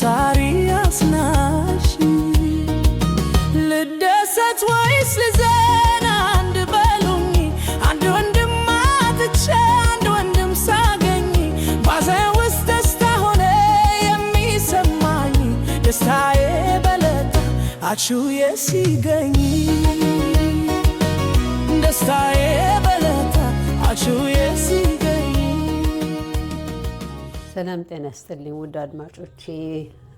ፈጣሪ አስናሽ ልደሰት ወይስ ልዘን? አንድ በሉኝ። አንድ ወንድም አጥቼ አንድ ወንድም ሳገኝ ባዘን ውስጥ ደስታ ሆነ የሚሰማኝ ደስታዬ በለጠ አቹዬ ሲገኝ ደስታዬ በለጠ አቹዬ ሲገኝ ሰላም ጤና ይስጥልኝ ውድ አድማጮቼ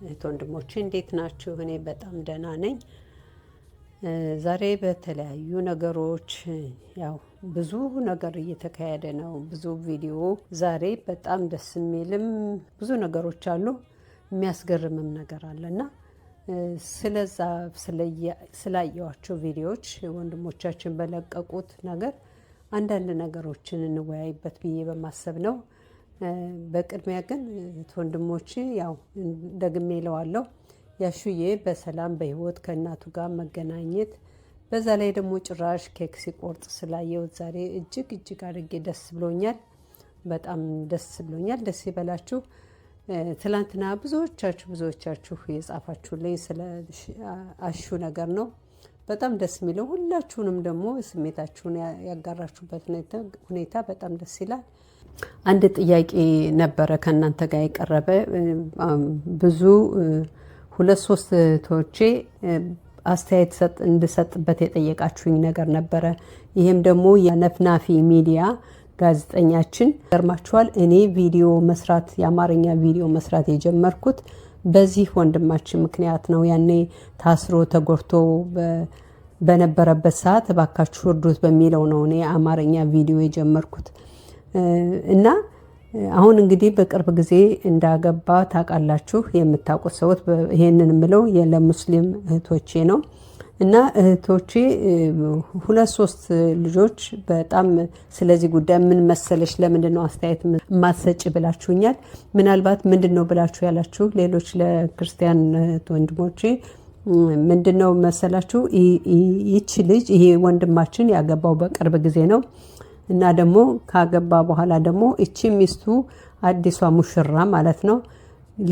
እህት ወንድሞቼ እንዴት ናችሁ? እኔ በጣም ደህና ነኝ። ዛሬ በተለያዩ ነገሮች ያው ብዙ ነገር እየተካሄደ ነው። ብዙ ቪዲዮ ዛሬ በጣም ደስ የሚልም ብዙ ነገሮች አሉ፣ የሚያስገርምም ነገር አለ እና ስለዛ ስላየዋቸው ቪዲዮዎች ወንድሞቻችን በለቀቁት ነገር አንዳንድ ነገሮችን እንወያይበት ብዬ በማሰብ ነው በቅድሚያ ግን ወንድሞች ወንድሞቼ ያው ደግሜ እለዋለሁ ያሹዬ በሰላም በህይወት ከእናቱ ጋር መገናኘት በዛ ላይ ደግሞ ጭራሽ ኬክ ሲቆርጥ ስላየው ዛሬ እጅግ እጅግ አድርጌ ደስ ብሎኛል። በጣም ደስ ብሎኛል። ደስ ይበላችሁ። ትላንትና ብዙዎቻችሁ ብዙዎቻችሁ የጻፋችሁልኝ ስለ አሹ ነገር ነው። በጣም ደስ የሚለው ሁላችሁንም ደግሞ ስሜታችሁን ያጋራችሁበት ሁኔታ በጣም ደስ ይላል። አንድ ጥያቄ ነበረ ከእናንተ ጋር የቀረበ ብዙ ሁለት ሶስት እህቶቼ አስተያየት እንድሰጥበት የጠየቃችሁኝ ነገር ነበረ። ይህም ደግሞ የነፍናፊ ሚዲያ ጋዜጠኛችን ገርማችኋል። እኔ ቪዲዮ መስራት የአማርኛ ቪዲዮ መስራት የጀመርኩት በዚህ ወንድማችን ምክንያት ነው። ያኔ ታስሮ ተጎድቶ በነበረበት ሰዓት እባካችሁ እርዱት በሚለው ነው እኔ አማርኛ ቪዲዮ የጀመርኩት። እና አሁን እንግዲህ በቅርብ ጊዜ እንዳገባ ታውቃላችሁ፣ የምታውቁት ሰዎች ይሄንን የምለው ለሙስሊም እህቶቼ ነው። እና እህቶቼ ሁለት ሶስት ልጆች በጣም ስለዚህ ጉዳይ ምን መሰለሽ፣ ለምንድን ነው አስተያየት ማሰጭ ብላችሁኛል። ምናልባት ምንድን ነው ብላችሁ ያላችሁ ሌሎች ለክርስቲያን ወንድሞቼ ምንድን ነው መሰላችሁ፣ ይቺ ልጅ ይሄ ወንድማችን ያገባው በቅርብ ጊዜ ነው እና ደግሞ ካገባ በኋላ ደግሞ እቺ ሚስቱ አዲሷ ሙሽራ ማለት ነው።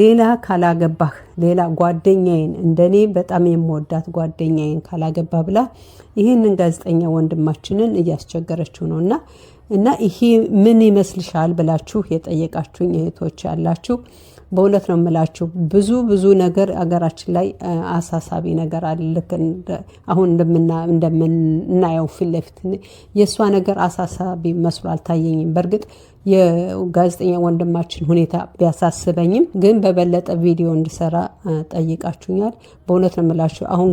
ሌላ ካላገባህ ሌላ ጓደኛዬን እንደኔ በጣም የምወዳት ጓደኛዬን ካላገባ ብላ ይህንን ጋዜጠኛ ወንድማችንን እያስቸገረችው ነው እና እና ይሄ ምን ይመስልሻል ብላችሁ የጠየቃችሁኝ እህቶች ያላችሁ በእውነት ነው የምላችሁ ብዙ ብዙ ነገር አገራችን ላይ አሳሳቢ ነገር አለ። ልክ አሁን እንደምናየው ፊት ለፊት የእሷ ነገር አሳሳቢ መስሎ አልታየኝም። በእርግጥ የጋዜጠኛ ወንድማችን ሁኔታ ቢያሳስበኝም ግን በበለጠ ቪዲዮ እንድሰራ ጠይቃችሁኛል። በእውነት ነው የምላችሁ አሁን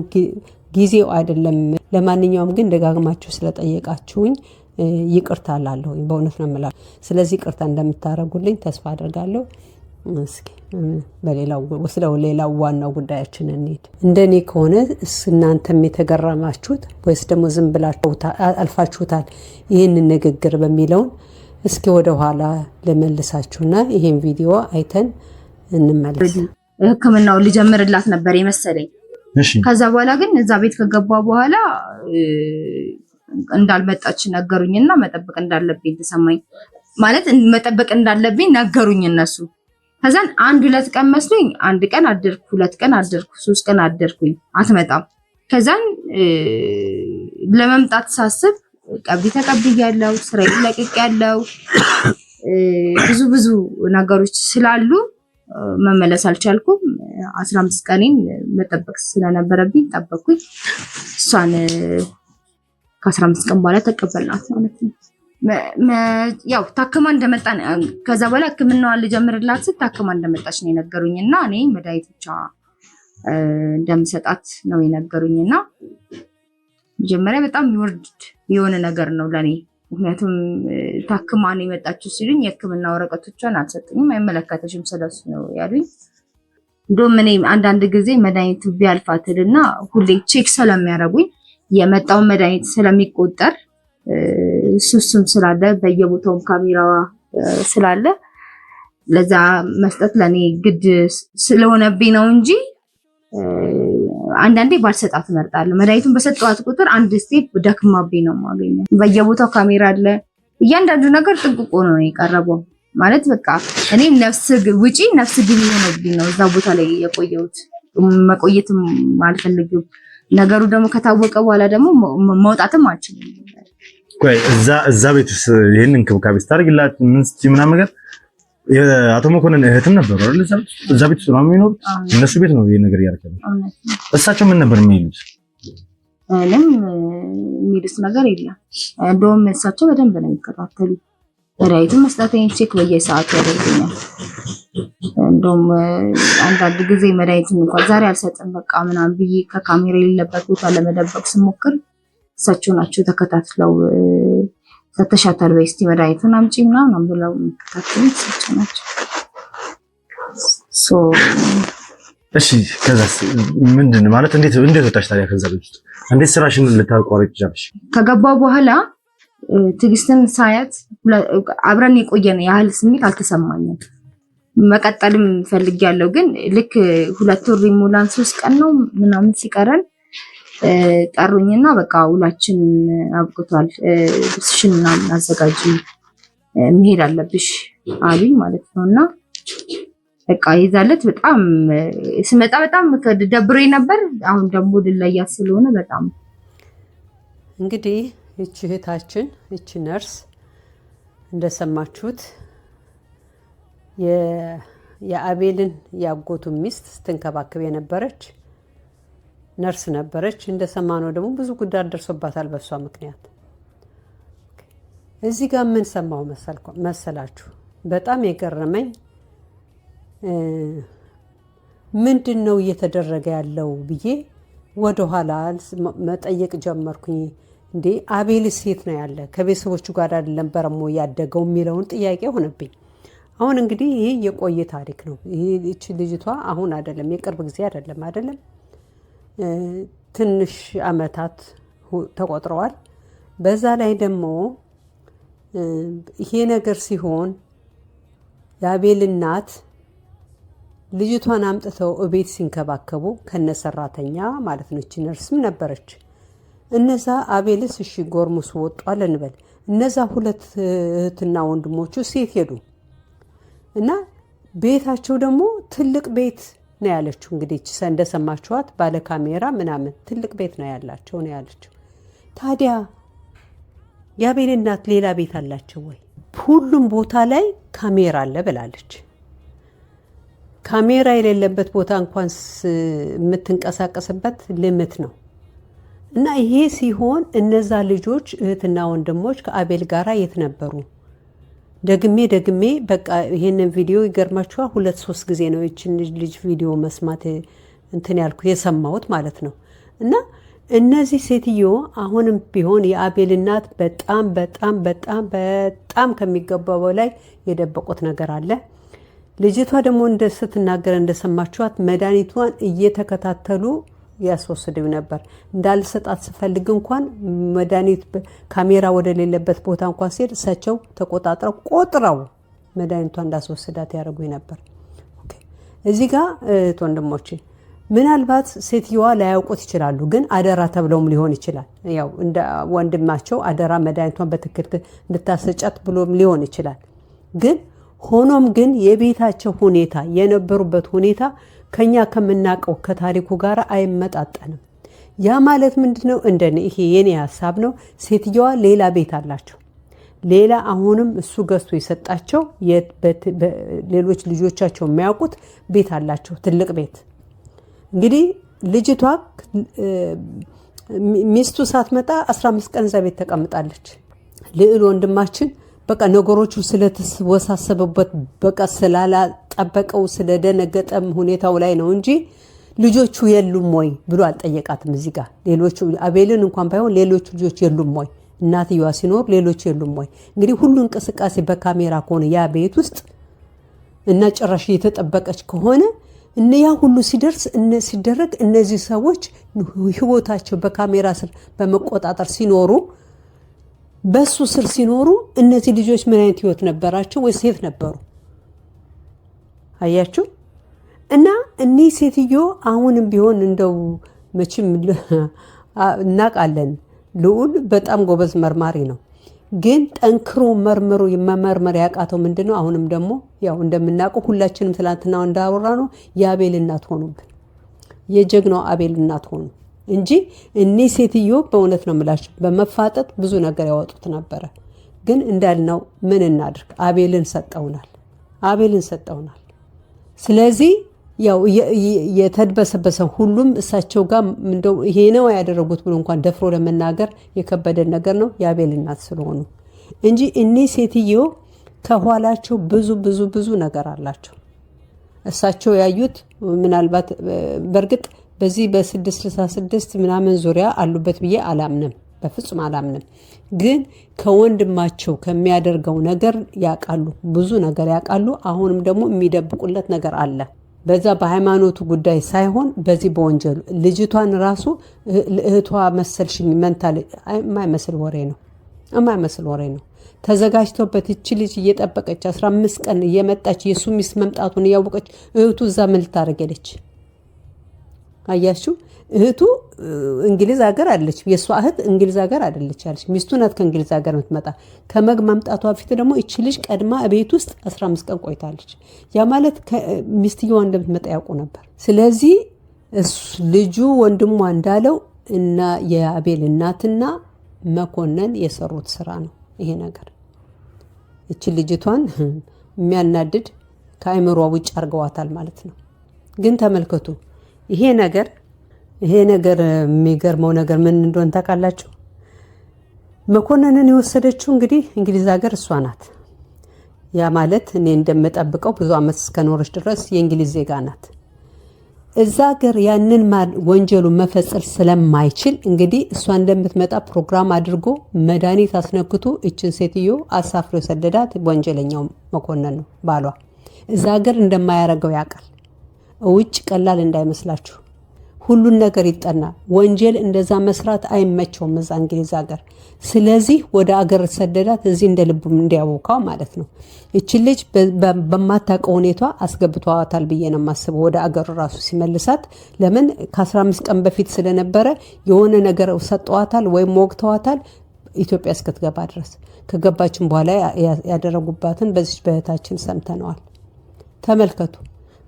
ጊዜው አይደለም። ለማንኛውም ግን ደጋግማችሁ ስለጠየቃችሁኝ ይቅርታ ላለሁኝ በእውነት ነው የምላችሁ። ስለዚህ ይቅርታ እንደምታደርጉልኝ ተስፋ አድርጋለሁ። እስኪ በሌላው ወስደው ሌላው ዋናው ጉዳያችን እንሄድ። እንደኔ ከሆነ እናንተም የተገረማችሁት ወይስ ደግሞ ዝም ብላችሁ አልፋችሁታል ይህንን ንግግር በሚለውን እስኪ ወደኋላ ልመልሳችሁና ይህን ቪዲዮ አይተን እንመለስ። ሕክምናውን ልጀምርላት ነበር የመሰለኝ። ከዛ በኋላ ግን እዛ ቤት ከገባ በኋላ እንዳልመጣች ነገሩኝና መጠበቅ እንዳለብኝ ተሰማኝ። ማለት መጠበቅ እንዳለብኝ ነገሩኝ እነሱ ከዛን አንድ ሁለት ቀን መስሎኝ አንድ ቀን አደርኩ፣ ሁለት ቀን አደርኩ፣ ሶስት ቀን አደርኩኝ፣ አትመጣም። ከዛን ለመምጣት ሳስብ ቀብድ ተቀብያለሁ፣ ስራዬን ለቅቄያለሁ፣ ብዙ ብዙ ነገሮች ስላሉ መመለስ አልቻልኩም። አስራ አምስት ቀኔን መጠበቅ ስለነበረብኝ ጠበኩኝ። እሷን ከአስራ አምስት ቀን በኋላ ተቀበልናት ማለት ነው። ያው ታክማ እንደመጣ ከዛ በኋላ ህክምናዋን ልጀምርላት ስት ታክማ እንደመጣች ነው የነገሩኝ እና እኔ መድኃኒት ብቻ እንደምሰጣት ነው የነገሩኝ እና መጀመሪያ በጣም ይወርድ የሆነ ነገር ነው ለእኔ። ምክንያቱም ታክማ ነው የመጣችው ሲሉኝ የህክምና ወረቀቶቿን አልሰጡኝም። አይመለከተሽም ስለሱ ነው ያሉኝ። እንዲሁም እኔ አንዳንድ ጊዜ መድኃኒቱ ቢያልፋትልና ሁሌ ቼክ ስለሚያደርጉኝ የመጣውን መድኃኒት ስለሚቆጠር እሱም ስላለ በየቦታውም ካሜራ ስላለ ለዛ መስጠት ለእኔ ግድ ስለሆነብኝ ነው እንጂ አንዳንዴ ባልሰጣት እመርጣለሁ። መድኃኒቱን በሰጠዋት ቁጥር አንድ ስቴፕ ደክማብኝ ነው የማገኘው። በየቦታው ካሜራ አለ። እያንዳንዱ ነገር ጥብቆ ነው የቀረበው። ማለት በቃ እኔ ነፍስ ውጪ ነፍስ ግን የሆነብኝ ነው እዛ ቦታ ላይ የቆየሁት። መቆየትም አልፈልግም። ነገሩ ደግሞ ከታወቀ በኋላ ደግሞ መውጣትም አልችልም። እዛ ቤት ውስጥ ይህን እንክብካቤ ስታደርግላት ምን ስትይ ምናምን ነገር የአቶ መኮንን እህትም ነበሩ አይደል? እዛ ቤት ውስጥ ነው የሚኖሩት። እነሱ ቤት ነው ይሄ ነገር ያደረገ። እሳቸው ምን ነበር የሚሉት? እኔም የሚሉት ነገር የለም። እንደውም እሳቸው በደንብ ነው የሚከታተሉ። መድኃኒቱን መስጠቴን ቼክ በየሰዓቱ ያደርገኛል። እንደውም አንዳንድ ጊዜ መድኃኒቱን እንኳን ዛሬ አልሰጥም በቃ ምናምን ብዬ ከካሜራ የሌለበት ቦታ ለመደበቅ ስሞክር እሳቸው ናቸው ተከታትለው ፈተሻታል ወይ እስቲ መድኃኒቱን አምጪ ምናምን ብለው ምታክሉት እሳቸው ናቸው። ሶ እሺ፣ ከዛስ ምንድን ማለት እንዴት እንዴት ወጣሽ ታዲያ? ከዛ ልጅ እንዴት ስራሽን ልታቋርጭ ቻልሽ? ከገባው በኋላ ትዕግስትን ሳያት አብረን የቆየን ያህል ስሜት አልተሰማኝም። መቀጠልም ፈልጌያለሁ፣ ግን ልክ ሁለት ወር ሪሙላንስ ውስጥ ቀን ነው ምናምን ሲቀረን ጠሩኝና በቃ ውላችን አብቅቷል፣ ልብስሽን ምናምን አዘጋጅ መሄድ አለብሽ አሉኝ ማለት ነው። እና በቃ ይዛለት በጣም ስመጣ በጣም ደብሬ ነበር። አሁን ደግሞ ልለያት ስለሆነ በጣም እንግዲህ ይቺ እህታችን ይቺ ነርስ እንደሰማችሁት የአቤልን ያጎቱ ሚስት ስትንከባከብ የነበረች ነርስ ነበረች። እንደሰማነው ደግሞ ብዙ ጉዳት ደርሶባታል በሷ ምክንያት። እዚህ ጋር ምን ሰማው መሰላችሁ? በጣም የገረመኝ ምንድን ነው እየተደረገ ያለው ብዬ ወደኋላ መጠየቅ ጀመርኩኝ። እንዴ አቤል ሴት ነው ያለ ከቤተሰቦቹ ጋር አይደለም በረሞ ያደገው የሚለውን ጥያቄ ሆነብኝ። አሁን እንግዲህ ይህ የቆየ ታሪክ ነው። ይህች ልጅቷ አሁን አይደለም የቅርብ ጊዜ አይደለም አይደለም ትንሽ ዓመታት ተቆጥረዋል። በዛ ላይ ደግሞ ይሄ ነገር ሲሆን የአቤል እናት ልጅቷን አምጥተው እቤት ሲንከባከቡ ከነ ሰራተኛ ማለት ነው፣ እቺ ነርስም ነበረች። እነዛ አቤልስ እሺ ጎርሙስ ወጧል እንበል፣ እነዛ ሁለት እህትና ወንድሞቹ ሴት ሄዱ እና ቤታቸው ደግሞ ትልቅ ቤት ነው ያለችው። እንግዲህ እንደሰማችኋት ባለ ካሜራ ምናምን ትልቅ ቤት ነው ያላቸው ነው ያለችው። ታዲያ የአቤል እናት ሌላ ቤት አላቸው ወይ? ሁሉም ቦታ ላይ ካሜራ አለ ብላለች። ካሜራ የሌለበት ቦታ እንኳን የምትንቀሳቀስበት ልምት ነው። እና ይሄ ሲሆን እነዛ ልጆች እህትና ወንድሞች ከአቤል ጋራ የት ነበሩ? ደግሜ ደግሜ በቃ ይሄንን ቪዲዮ ይገርማችኋል፣ ሁለት ሶስት ጊዜ ነው ይችን ልጅ ቪዲዮ መስማት እንትን ያልኩ የሰማሁት ማለት ነው። እና እነዚህ ሴትዮ አሁንም ቢሆን የአቤል እናት በጣም በጣም በጣም በጣም ከሚገባው በላይ የደበቁት ነገር አለ። ልጅቷ ደግሞ እንደ ስትናገረ እንደሰማችኋት መድኃኒቷን እየተከታተሉ ያስወስደው ነበር። እንዳልሰጣት ስፈልግ እንኳን መድኃኒት ካሜራ ወደሌለበት ቦታ እንኳን ሲሄድ ሰቸው ተቆጣጥረው ቆጥረው መድኃኒቷ እንዳስወስዳት ያደርጉኝ ነበር። እዚህ ጋ እህት ወንድሞቼ ምናልባት ሴትዮዋ ላያውቁት ይችላሉ፣ ግን አደራ ተብለውም ሊሆን ይችላል። ያው እንደ ወንድማቸው አደራ መድኃኒቷን በትክክል እንድታሰጫት ብሎም ሊሆን ይችላል። ግን ሆኖም ግን የቤታቸው ሁኔታ የነበሩበት ሁኔታ ከኛ ከምናውቀው ከታሪኩ ጋር አይመጣጠንም። ያ ማለት ምንድን ነው? እንደኔ ይሄ የኔ ሀሳብ ነው። ሴትየዋ ሌላ ቤት አላቸው። ሌላ አሁንም እሱ ገዝቶ የሰጣቸው ሌሎች ልጆቻቸው የሚያውቁት ቤት አላቸው፣ ትልቅ ቤት። እንግዲህ ልጅቷ ሚስቱ ሳትመጣ 15 ቀን እዛ ቤት ተቀምጣለች። ልዕል ወንድማችን በቃ ነገሮቹ ስለተወሳሰበበት በቃ ስላላ ስላልጠበቀው ስለደነገጠም ሁኔታው ላይ ነው እንጂ ልጆቹ የሉም ወይ ብሎ አልጠየቃትም። እዚህ ጋር ሌሎቹ አቤልን እንኳን ባይሆን ሌሎቹ ልጆች የሉም ወይ እናትየዋ ሲኖር ሌሎች የሉም ወይ? እንግዲህ ሁሉ እንቅስቃሴ በካሜራ ከሆነ ያ ቤት ውስጥ እና ጭራሽ እየተጠበቀች ከሆነ እነ ያ ሁሉ ሲደርስ ሲደረግ እነዚህ ሰዎች ህይወታቸው በካሜራ ስር በመቆጣጠር ሲኖሩ በሱ ስር ሲኖሩ እነዚህ ልጆች ምን አይነት ህይወት ነበራቸው? ወይ ሴት ነበሩ? አያችሁ። እና እኒህ ሴትዮ አሁንም ቢሆን እንደው መቼም እናውቃለን ልዑል በጣም ጎበዝ መርማሪ ነው። ግን ጠንክሮ መርምሮ መመርመር ያቃተው ምንድን ነው? አሁንም ደግሞ ያው እንደምናውቀው ሁላችንም ትላንትና እንዳወራ ነው የአቤል እናት ሆኑብን። የጀግናው አቤል እናት ሆኑ እንጂ እኒህ ሴትዮ በእውነት ነው ምላሽ በመፋጠጥ ብዙ ነገር ያወጡት ነበረ። ግን እንዳልነው ምን እናድርግ፣ አቤልን ሰጠውናል፣ አቤልን ሰጠውናል። ስለዚህ ያው የተድበሰበሰ ሁሉም እሳቸው ጋር እንደው ይሄ ነው ያደረጉት ብሎ እንኳን ደፍሮ ለመናገር የከበደ ነገር ነው የአቤል እናት ስለሆኑ እንጂ እኔ ሴትዮ ከኋላቸው ብዙ ብዙ ብዙ ነገር አላቸው። እሳቸው ያዩት ምናልባት በእርግጥ በዚህ በ666 ምናምን ዙሪያ አሉበት ብዬ አላምንም፣ በፍጹም አላምንም። ግን ከወንድማቸው ከሚያደርገው ነገር ያውቃሉ፣ ብዙ ነገር ያውቃሉ። አሁንም ደግሞ የሚደብቁለት ነገር አለ። በዛ በሃይማኖቱ ጉዳይ ሳይሆን በዚህ በወንጀሉ ልጅቷን ራሱ እህቷ መሰልሽኝ መንታል የማይመስል ወሬ ነው፣ የማይመስል ወሬ ነው ተዘጋጅቶበት እቺ ልጅ እየጠበቀች 15 ቀን እየመጣች የሱ ሚስት መምጣቱን እያወቀች እህቱ እዛ ምን ልታደርግ ሄደች? አያችሁ። እህቱ እንግሊዝ ሀገር አለች። የእሷ እህት እንግሊዝ ሀገር አደለች ያለች ሚስቱ ናት ከእንግሊዝ ሀገር የምትመጣ። ከመግ ማምጣቷ በፊት ደግሞ እች ልጅ ቀድማ ቤት ውስጥ 15 ቀን ቆይታለች። ያ ማለት ሚስትየዋ እንደምትመጣ ያውቁ ነበር። ስለዚህ ልጁ ወንድሟ እንዳለው እና የአቤል እናትና መኮንን የሰሩት ስራ ነው ይሄ ነገር። እች ልጅቷን የሚያናድድ ከአይምሯ ውጭ አርገዋታል ማለት ነው። ግን ተመልከቱ ይሄ ነገር ይሄ ነገር የሚገርመው ነገር ምን እንደሆነ ታውቃላችሁ? መኮንንን የወሰደችው እንግዲህ እንግሊዝ ሀገር እሷ ናት። ያ ማለት እኔ እንደምጠብቀው ብዙ ዓመት እስከኖረች ድረስ የእንግሊዝ ዜጋ ናት። እዛ ሀገር ያንን ወንጀሉን መፈጸም ስለማይችል እንግዲህ እሷ እንደምትመጣ ፕሮግራም አድርጎ መድኃኒት አስነክቶ እችን ሴትዮ አሳፍሮ የሰደዳት ወንጀለኛው መኮንን ነው ባሏ። እዛ ሀገር እንደማያረገው ያውቃል። ውጭ ቀላል እንዳይመስላችሁ። ሁሉን ነገር ይጠናል። ወንጀል እንደዛ መስራት አይመቸውም እዛ እንግሊዝ ሀገር። ስለዚህ ወደ አገር ሰደዳት፣ እዚህ እንደ ልቡም እንዲያቦካው ማለት ነው። ይች ልጅ በማታውቀው ሁኔቷ አስገብቷታል ብዬ ነው የማስበው። ወደ አገር ራሱ ሲመልሳት ለምን ከ15 ቀን በፊት ስለነበረ የሆነ ነገር ሰጠዋታል ወይም ወግተዋታል ኢትዮጵያ እስክትገባ ድረስ። ከገባችን በኋላ ያደረጉባትን በዚች በእህታችን ሰምተነዋል። ተመልከቱ።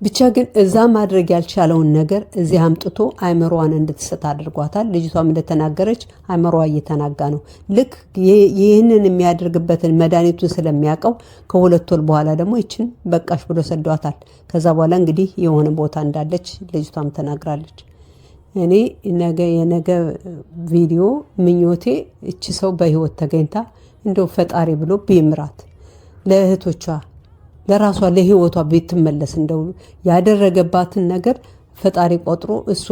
ብቻ ግን እዛ ማድረግ ያልቻለውን ነገር እዚህ አምጥቶ አይምሮዋን እንድትሰጥ አድርጓታል። ልጅቷም እንደተናገረች አይምሮዋ እየተናጋ ነው። ልክ ይህንን የሚያደርግበትን መድኃኒቱን ስለሚያውቀው ከሁለት ወር በኋላ ደግሞ ይችን በቃሽ ብሎ ሰዷታል። ከዛ በኋላ እንግዲህ የሆነ ቦታ እንዳለች ልጅቷም ተናግራለች። እኔ ነገ የነገ ቪዲዮ ምኞቴ እች ሰው በህይወት ተገኝታ እንደው ፈጣሪ ብሎ ቢምራት ለእህቶቿ ለራሷ ለህይወቷ ብትመለስ እንደው ያደረገባትን ነገር ፈጣሪ ቆጥሮ እሱ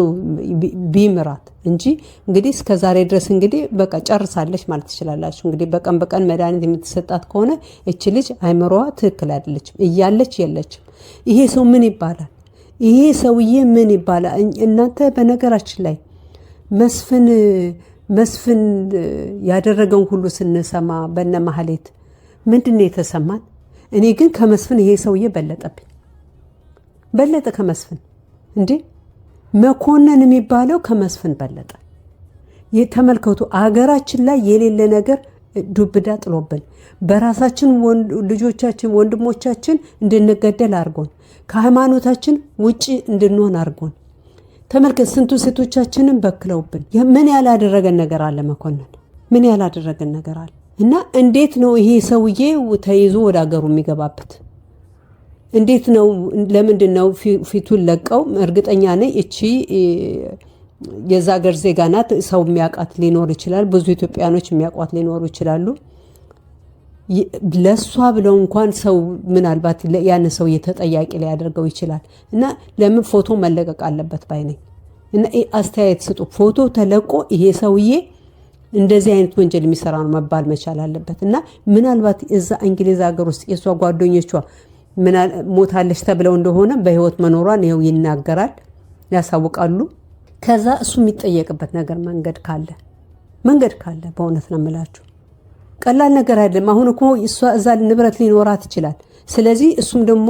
ቢምራት እንጂ እንግዲህ እስከ ዛሬ ድረስ እንግዲህ በቃ ጨርሳለች ማለት ትችላላችሁ። እንግዲህ በቀን በቀን መድኃኒት የምትሰጣት ከሆነ እች ልጅ አይምሮዋ ትክክል አይደለችም፣ እያለች የለችም። ይሄ ሰው ምን ይባላል? ይሄ ሰውዬ ምን ይባላል? እናንተ በነገራችን ላይ መስፍን መስፍን ያደረገውን ሁሉ ስንሰማ በነ ማህሌት ምንድን ነው የተሰማን? እኔ ግን ከመስፍን ይሄ ሰውዬ በለጠብኝ፣ በለጠ ከመስፍን እንዴ መኮንን የሚባለው ከመስፍን በለጠ። ተመልከቱ፣ አገራችን ላይ የሌለ ነገር ዱብዳ ጥሎብን፣ በራሳችን ልጆቻችን ወንድሞቻችን እንድንገደል አድርጎን፣ ከሃይማኖታችን ውጭ እንድንሆን አድርጎን። ተመልከት፣ ስንቱ ሴቶቻችንን በክለውብን። ምን ያላደረገን ነገር አለ መኮንን? ምን ያላደረገን ነገር አለ? እና እንዴት ነው ይሄ ሰውዬ ተይዞ ወደ ሀገሩ የሚገባበት? እንዴት ነው? ለምንድን ነው ፊቱን ለቀው? እርግጠኛ ነኝ እቺ የዛ ሀገር ዜጋ ናት። ሰው የሚያውቃት ሊኖር ይችላል። ብዙ ኢትዮጵያኖች የሚያውቋት ሊኖሩ ይችላሉ። ለእሷ ብለው እንኳን ሰው ምናልባት ያን ሰው ተጠያቂ ሊያደርገው ይችላል። እና ለምን ፎቶ መለቀቅ አለበት ባይ ነኝ። እና አስተያየት ስጡ። ፎቶ ተለቆ ይሄ ሰውዬ እንደዚህ አይነት ወንጀል የሚሰራ ነው መባል መቻል አለበት እና ምናልባት እዛ እንግሊዝ ሀገር ውስጥ የእሷ ጓደኞቿ ሞታለች ተብለው እንደሆነ በህይወት መኖሯን ይኸው ይናገራል፣ ያሳውቃሉ። ከዛ እሱ የሚጠየቅበት ነገር መንገድ ካለ መንገድ ካለ በእውነት ነው የምላችሁ ቀላል ነገር አይደለም። አሁን እኮ እሷ እዛ ንብረት ሊኖራት ይችላል። ስለዚህ እሱም ደግሞ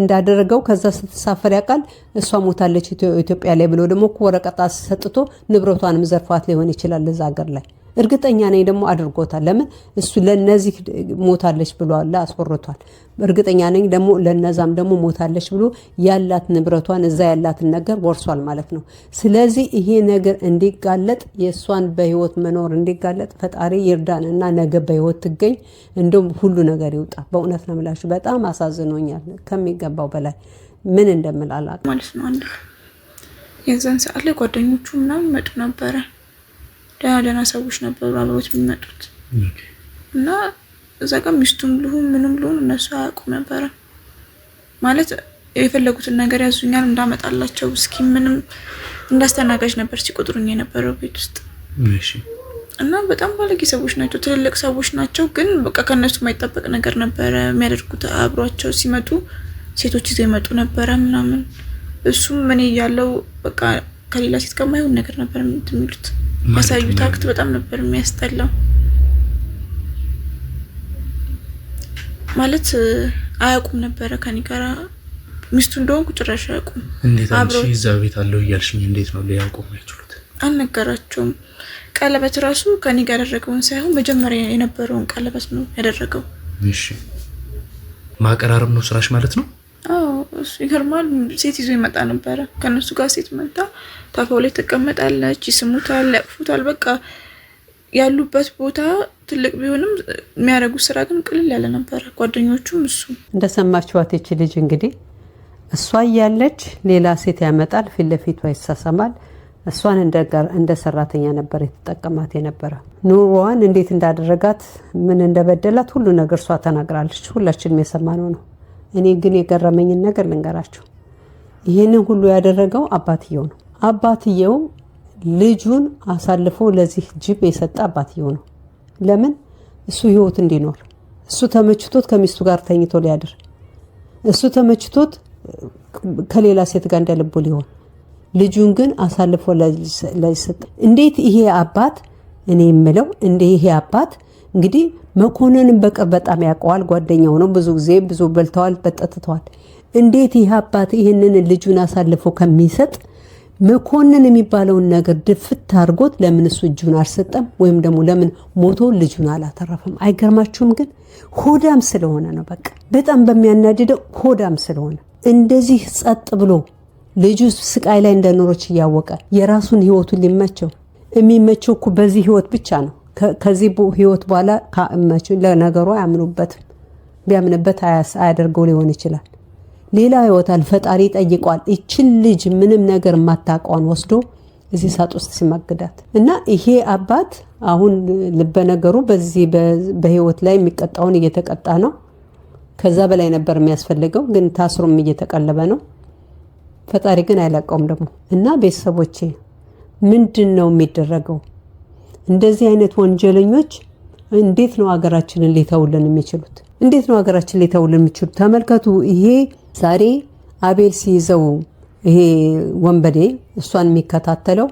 እንዳደረገው ከዛ ስትሳፈር ያውቃል። እሷ ሞታለች ኢትዮጵያ ላይ ብሎ ደግሞ ወረቀት ሰጥቶ ንብረቷንም ዘርፏት ሊሆን ይችላል እዛ ሀገር ላይ እርግጠኛ ነኝ ደግሞ አድርጎታል። ለምን እሱ ለነዚህ ሞታለች ብሎ አስወርቷል። እርግጠኛ ነኝ ደግሞ ለነዛም ደግሞ ሞታለች ብሎ ያላት ንብረቷን እዛ ያላትን ነገር ወርሷል ማለት ነው። ስለዚህ ይሄ ነገር እንዲጋለጥ የእሷን በህይወት መኖር እንዲጋለጥ ፈጣሪ ይርዳን እና ነገ በህይወት ትገኝ፣ እንደውም ሁሉ ነገር ይውጣ። በእውነት ነው የምላችሁ በጣም አሳዝኖኛል ከሚገባው በላይ ምን እንደምላላት ማለት ነው። የዛን ሰዓት ላይ ጓደኞቹ ምናምን መጡ ነበረ ደህና ደህና ሰዎች ነበሩ አብሮት የሚመጡት እና እዛ ጋር ሚስቱም ልሁን ምንም ልሁን እነሱ አያውቁም ነበረ። ማለት የፈለጉትን ነገር ያዙኛል እንዳመጣላቸው እስኪ ምንም እንዳስተናጋጅ ነበር ሲቆጥሩኝ የነበረው ቤት ውስጥ እና በጣም ባለጌ ሰዎች ናቸው። ትልልቅ ሰዎች ናቸው፣ ግን በቃ ከእነሱ የማይጠበቅ ነገር ነበረ የሚያደርጉት። አብሯቸው ሲመጡ ሴቶች ይዘው ይመጡ ነበረ ምናምን። እሱም እኔ ያለው በቃ ከሌላ ሴት ጋር ማይሆን ነገር ነበር የሚሉት ማሳዩት አክት በጣም ነበር የሚያስጠላው። ማለት አያውቁም ነበረ ከኔ ጋር ሚስቱ እንደሆንኩ ጭራሽ አያውቁም። እንዴት እዛ ቤት አለው እያልሽኝ እንዴት ነው ሊያውቁ የሚችሉት? አልነገራቸውም። ቀለበት ራሱ ከኔ ጋር ያደረገውን ሳይሆን መጀመሪያ የነበረውን ቀለበት ነው ያደረገው። እሺ ማቀራረብ ነው ስራሽ ማለት ነው። አዎ ይገርማል። ሴት ይዞ ይመጣ ነበረ። ከነሱ ጋር ሴት መጣ፣ ታፋው ላይ ትቀመጣለች፣ ይስሙታል፣ ያቅፉታል። በቃ ያሉበት ቦታ ትልቅ ቢሆንም የሚያደርጉት ስራ ግን ቅልል ያለ ነበረ። ጓደኞቹም እሱ እንደሰማችኋት ይች ልጅ እንግዲህ እሷ እያለች ሌላ ሴት ያመጣል፣ ፊት ለፊቷ ይሳሰማል። እሷን እንደ ሰራተኛ ነበር የተጠቀማት የነበረ። ኑሮዋን እንዴት እንዳደረጋት ምን እንደበደላት ሁሉ ነገር እሷ ተናግራለች። ሁላችንም የሰማነው ነው። እኔ ግን የገረመኝን ነገር ልንገራችሁ። ይህንን ሁሉ ያደረገው አባትየው ነው። አባትየው ልጁን አሳልፎ ለዚህ ጅብ የሰጠ አባትየው ነው። ለምን? እሱ ህይወት እንዲኖር እሱ ተመችቶት ከሚስቱ ጋር ተኝቶ ሊያድር እሱ ተመችቶት ከሌላ ሴት ጋር እንደልቡ ሊሆን ልጁን ግን አሳልፎ ለሰጠ። እንዴት ይሄ አባት እኔ የምለው እንዴ ይሄ አባት እንግዲህ መኮንንን በቅርብ በጣም ያውቀዋል። ጓደኛው ነው። ብዙ ጊዜ ብዙ በልተዋል፣ በጠጥተዋል። እንዴት ይህ አባት ይህንን ልጁን አሳልፎ ከሚሰጥ መኮንን የሚባለውን ነገር ድፍት አድርጎት ለምን እሱ እጁን አልሰጠም? ወይም ደግሞ ለምን ሞቶ ልጁን አላተረፈም? አይገርማችሁም? ግን ሆዳም ስለሆነ ነው። በቃ በጣም በሚያናድደው ሆዳም ስለሆነ እንደዚህ ጸጥ ብሎ ልጁ ስቃይ ላይ እንደኖሮች እያወቀ የራሱን ህይወቱን ሊመቸው የሚመቸው እኮ በዚህ ህይወት ብቻ ነው። ከዚህ ህይወት በኋላ ለነገሩ አያምኑበትም። ቢያምንበት አያደርገው ሊሆን ይችላል። ሌላ ይወታል። ፈጣሪ ጠይቋል። ይችን ልጅ ምንም ነገር የማታውቀዋን ወስዶ እዚህ ሳጥ ውስጥ ሲማግዳት እና ይሄ አባት አሁን ልበነገሩ በዚህ በህይወት ላይ የሚቀጣውን እየተቀጣ ነው። ከዛ በላይ ነበር የሚያስፈልገው፣ ግን ታስሮም እየተቀለበ ነው። ፈጣሪ ግን አይለቀውም ደግሞ እና ቤተሰቦቼ ምንድን ነው የሚደረገው? እንደዚህ አይነት ወንጀለኞች እንዴት ነው ሀገራችንን ሊተውልን የሚችሉት? እንዴት ነው ሀገራችን ሊተውልን የሚችሉት? ተመልከቱ። ይሄ ዛሬ አቤል ሲይዘው ይሄ ወንበዴ እሷን የሚከታተለው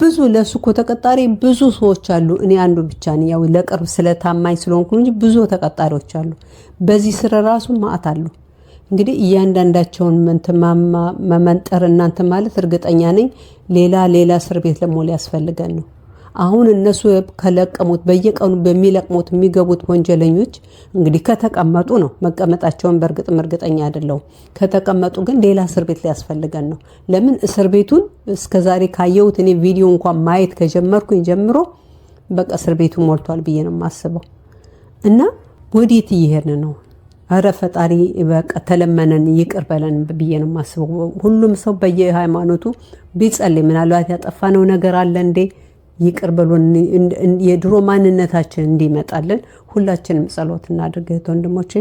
ብዙ ለእሱ እኮ ተቀጣሪ ብዙ ሰዎች አሉ። እኔ አንዱ ብቻ ነኝ፣ ያው ለቅርብ ስለታማኝ ስለሆንኩ እንጂ ብዙ ተቀጣሪዎች አሉ። በዚህ ስራ ራሱ ማአት አሉ። እንግዲህ እያንዳንዳቸውን መመንጠር እናንተ ማለት እርግጠኛ ነኝ ሌላ ሌላ እስር ቤት ለሞ ያስፈልገን ነው አሁን እነሱ ከለቀሙት በየቀኑ በሚለቅሙት የሚገቡት ወንጀለኞች እንግዲህ ከተቀመጡ ነው። መቀመጣቸውን በእርግጥም እርግጠኛ አይደለሁም። ከተቀመጡ ግን ሌላ እስር ቤት ሊያስፈልገን ነው። ለምን እስር ቤቱን እስከዛሬ ካየሁት እኔ ቪዲዮ እንኳን ማየት ከጀመርኩኝ ጀምሮ በቃ እስር ቤቱ ሞልቷል ብዬ ነው የማስበው። እና ወዴት እየሄድን ነው? እረ ፈጣሪ በቃ ተለመነን ይቅር በለን ብዬ ነው የማስበው። ሁሉም ሰው በየሃይማኖቱ ቢጸልይ ምናልባት ያጠፋነው ነገር አለ እንዴ ይቅር ብሎን የድሮ ማንነታችን እንዲመጣልን ሁላችንም ጸሎት እናድርግ እህት ወንድሞቼ።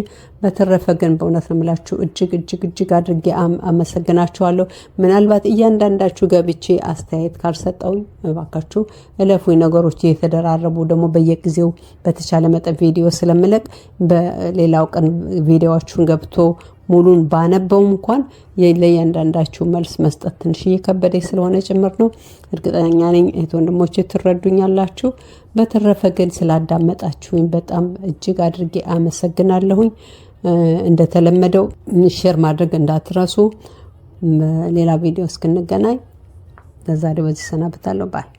በተረፈ ግን በእውነት ነው የምላችሁ እጅግ እጅግ እጅግ አድርጌ አመሰግናችኋለሁ። ምናልባት እያንዳንዳችሁ ገብቼ አስተያየት ካልሰጠው እባካችሁ እለፉኝ። ነገሮች እየተደራረቡ ደግሞ በየጊዜው በተቻለ መጠን ቪዲዮ ስለምለቅ በሌላው ቀን ቪዲዮዎቹን ገብቶ ሙሉን ባነበውም እንኳን ለእያንዳንዳችሁ መልስ መስጠት ትንሽ እየከበደ ስለሆነ ጭምር ነው። እርግጠኛ ነኝ እህት ወንድሞቼ ትረዱኛላችሁ። በተረፈ ግን ስላዳመጣችሁኝ በጣም እጅግ አድርጌ አመሰግናለሁኝ። እንደተለመደው ሼር ማድረግ እንዳትረሱ። ሌላ ቪዲዮ እስክንገናኝ በዛሬ በዚህ ሰናብታለሁ ባል